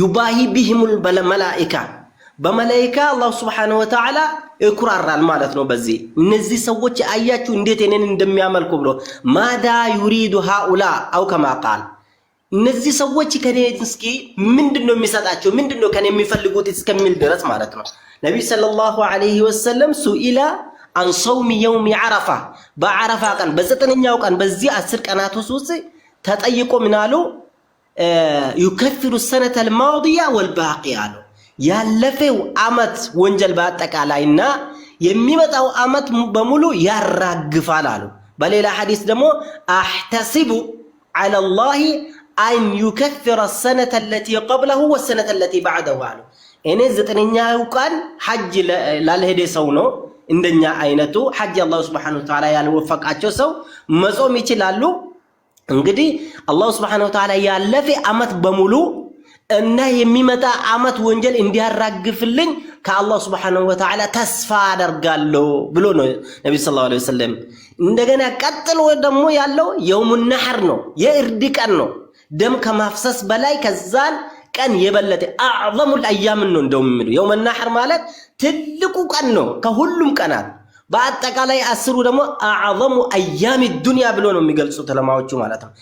ዩባሂ ቢሂሙል መላኢካ በመላኢካ አላሁ ስብሓነሁ ወተዓላ ይኩራራል ማለት ነው። በዚህ እነዚህ ሰዎች አያችሁ እንዴት እኔን እንደሚያመልኩ ብሎ ማዳ ዩሪዱ ሃኡላ አው ከማ ቃል እነዚህ ሰዎች ከኔ እስኪ ምንድን ነው የሚሰጣቸው? ምንድን ነው ከኔ የሚፈልጉት እስከሚል ድረስ ማለት ነው። ነቢይ ሰለላሁ ዐለይሂ ወሰለም ሱኢላ አን ሰውሚ የውሚ ዓረፋ በዓረፋ ቀን በዘጠነኛው ቀን በዚህ አስር ቀናት ውስጥ ተጠይቆ ምናሉ ዩከፊሩ ሰነተ ማውዲያ ወልባቂ አለው። ያለፈው አመት ወንጀል በአጠቃላይና የሚመጣው አመት በሙሉ ያራግፋል አሉ። በሌላ ሐዲስ ደግሞ አሕተሲቡ ዐለላሂ አን ዩከፍረ ሰነተ ለቲ ቀብለሁ ወሰነተ ለቲ ባዕደሁ አሉ። እኔ ዘጠነኛው ቀን ሐጅ ላልሄደ ሰው ነው እንደኛ አይነቱ ሐጅ አላሁ ስብሓነሁ ወተዓላ ያልወፈቃቸው ሰው መጾም ይችላሉ። እንግዲህ አላሁ ስብሐነሁ ወተዓላ ያለፈ አመት በሙሉ እና የሚመጣ አመት ወንጀል እንዲያራግፍልኝ ከአላሁ ስብሐነሁ ወተዓላ ተስፋ አደርጋለሁ ብሎ ነው ነቢ ሰለላሁ ዐለይሂ ወሰለም። እንደገና ቀጥሎ ደግሞ ያለው የውሙ ነሐር ነው፣ የእርድ ቀን ነው። ደም ከማፍሰስ በላይ ከዛን ቀን የበለጠ አዕዘሙል አያምን ነው እንደውም የሚሉ የውመ ነሐር ማለት ትልቁ ቀን ነው ከሁሉም ቀናት በአጠቃላይ አስሩ ደግሞ አዕዘሙ አያሚ ዱንያ ብሎ ነው የሚገልጹት ለማዎቹ ማለት ነው።